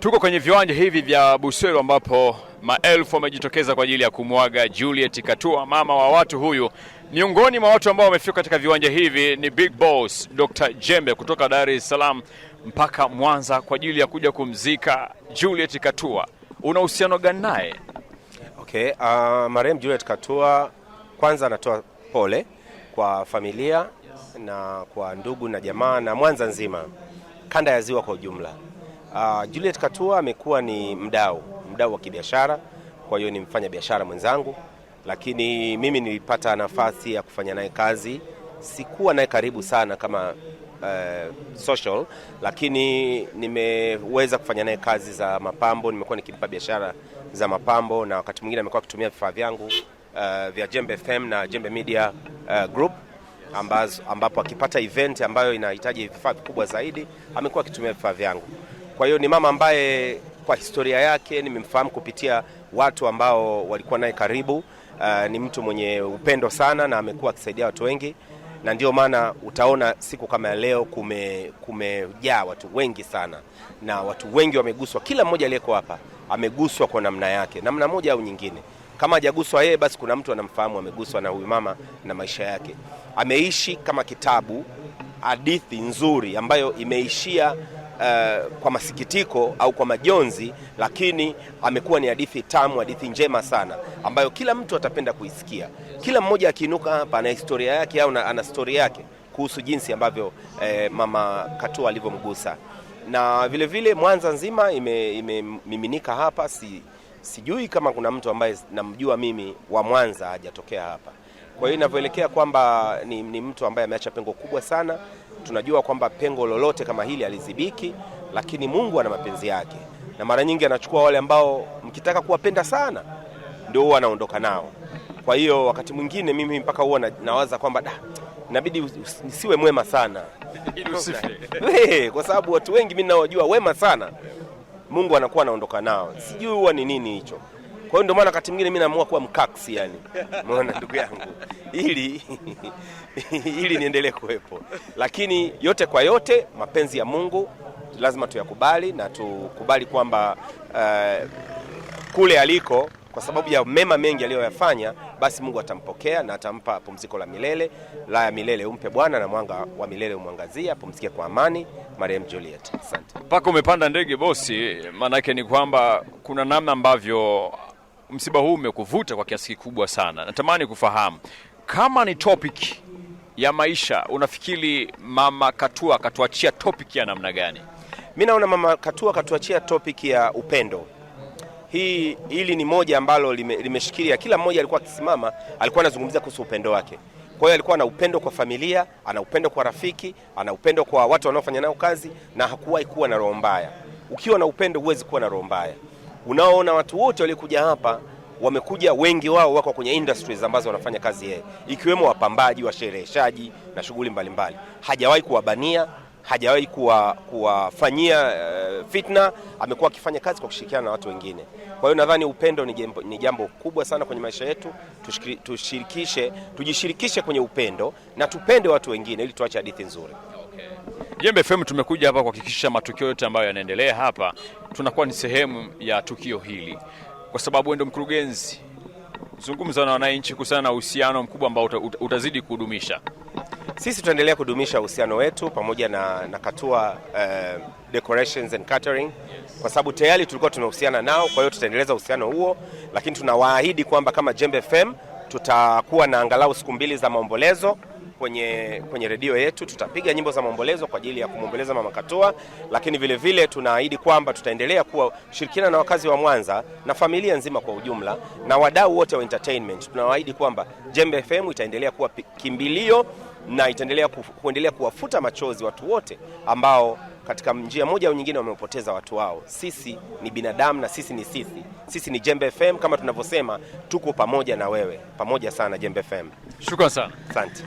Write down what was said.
Tuko kwenye viwanja hivi vya Buswelu ambapo maelfu wamejitokeza kwa ajili ya kumwaga Juliet Katua, mama wa watu. Huyu miongoni mwa watu ambao wamefika katika viwanja hivi ni Big Boss Dr. Jembe kutoka Dar es Salaam mpaka Mwanza kwa ajili ya kuja kumzika Juliet Katua. Una uhusiano gani naye? Okay, uh, marehemu Juliet Katua, kwanza anatoa pole kwa familia na kwa ndugu na jamaa na Mwanza nzima, kanda ya ziwa kwa ujumla. Uh, Juliet Katua amekuwa ni mdau mdau wa kibiashara, kwa hiyo ni mfanya biashara mwenzangu, lakini mimi nilipata nafasi ya kufanya naye kazi. Sikuwa naye karibu sana kama uh, social, lakini nimeweza kufanya naye kazi za mapambo. Nimekuwa nikimpa biashara za mapambo na wakati mwingine amekuwa akitumia vifaa vyangu uh, vya Jembe FM na Jembe Media uh, Group ambazo, ambapo akipata event ambayo inahitaji vifaa vikubwa zaidi amekuwa akitumia vifaa vyangu. Kwa hiyo ni mama ambaye kwa historia yake nimemfahamu kupitia watu ambao walikuwa naye karibu. Uh, ni mtu mwenye upendo sana na amekuwa akisaidia watu wengi, na ndio maana utaona siku kama ya leo kume kumejaa watu wengi sana, na watu wengi wameguswa. Kila mmoja aliyeko hapa ameguswa kwa namna yake, namna moja au nyingine. Kama hajaguswa yeye, basi kuna mtu anamfahamu ameguswa na huyu mama na maisha yake. Ameishi kama kitabu, hadithi nzuri ambayo imeishia uh, kwa masikitiko au kwa majonzi, lakini amekuwa ni hadithi tamu, hadithi njema sana ambayo kila mtu atapenda kuisikia. Kila mmoja akiinuka hapa ana historia yake au ana stori yake kuhusu jinsi ambavyo eh, mama Katua alivyomgusa na vilevile vile, Mwanza nzima imemiminika ime hapa si, sijui kama kuna mtu ambaye namjua mimi wa Mwanza hajatokea hapa. Kwa hiyo inavyoelekea kwamba ni, ni mtu ambaye ameacha pengo kubwa sana tunajua kwamba pengo lolote kama hili alizibiki, lakini Mungu ana mapenzi yake, na mara nyingi anachukua wale ambao mkitaka kuwapenda sana ndio huwa anaondoka nao. Kwa hiyo wakati mwingine mimi mpaka huwa na, nawaza kwamba da inabidi nisiwe mwema sana kwa sababu watu wengi mimi ninaojua wema sana Mungu anakuwa anaondoka nao, sijui huwa ni nini hicho. Kwa hiyo ndio maana wakati mwingine mimi naamua kuwa mkaksi yani, umeona ndugu yangu, ili ili niendelee kuwepo, lakini yote kwa yote mapenzi ya Mungu lazima tuyakubali na tukubali kwamba uh, kule aliko kwa sababu ya mema mengi aliyoyafanya, basi Mungu atampokea na atampa pumziko la milele. La ya milele umpe Bwana, na mwanga wa milele umwangazia pumzike kwa amani marehemu Juliet. Asante. Mpaka umepanda ndege bosi, maanake ni kwamba kuna namna ambavyo msiba huu umekuvuta kwa kiasi kikubwa sana. Natamani kufahamu kama ni topic ya maisha, unafikiri mama Katua akatuachia topic ya namna gani? Mi naona mama Katua akatuachia topic ya upendo. Hii hili ni moja ambalo limeshikilia lime, kila mmoja alikuwa akisimama, alikuwa anazungumzia kuhusu upendo wake. Kwa hiyo alikuwa ana upendo kwa familia, ana upendo kwa rafiki, ana upendo kwa watu wanaofanya nao kazi, na hakuwahi kuwa na roho mbaya. Ukiwa na upendo huwezi kuwa na roho mbaya unaoona watu wote waliokuja hapa wamekuja wengi wao wako kwenye industries ambazo wanafanya kazi yeye, ikiwemo wapambaji, washereheshaji na shughuli mbalimbali. Hajawahi kuwabania, hajawahi kuwafanyia kuwa uh, eh, fitna. Amekuwa akifanya kazi kwa kushirikiana na watu wengine. Kwa hiyo nadhani upendo ni jambo, ni jambo kubwa sana kwenye maisha yetu. Tushirikishe, tujishirikishe kwenye upendo na tupende watu wengine ili tuache hadithi nzuri. Jembe FM tumekuja hapa kuhakikisha matukio yote ambayo yanaendelea hapa tunakuwa ni sehemu ya tukio hili, kwa sababu ndio mkurugenzi. Zungumza na wananchi kuhusiana na uhusiano mkubwa ambao utazidi kudumisha. Sisi tutaendelea kudumisha uhusiano wetu pamoja na, na Katua uh, Decorations and Catering Kwa sababu tayari tulikuwa tumehusiana nao, kwa hiyo tutaendeleza uhusiano huo, lakini tunawaahidi kwamba kama Jembe FM tutakuwa na angalau siku mbili za maombolezo kwenye, kwenye redio yetu. Tutapiga nyimbo za maombolezo kwa ajili ya kumwomboleza Mama Katoa, lakini vile vile tunaahidi kwamba tutaendelea kuwa shirikiana na wakazi wa Mwanza na familia nzima kwa ujumla na wadau wote wa entertainment. Tunawaahidi kwamba Jembe FM itaendelea kuwa kimbilio na itaendelea ku, kuendelea kuwafuta machozi watu wote ambao katika njia moja au nyingine wamepoteza watu wao. Sisi ni binadamu na sisi ni sisi, sisi ni Jembe FM kama tunavyosema, tuko pamoja na wewe, pamoja sana Jembe FM. Shukrani sana, asante.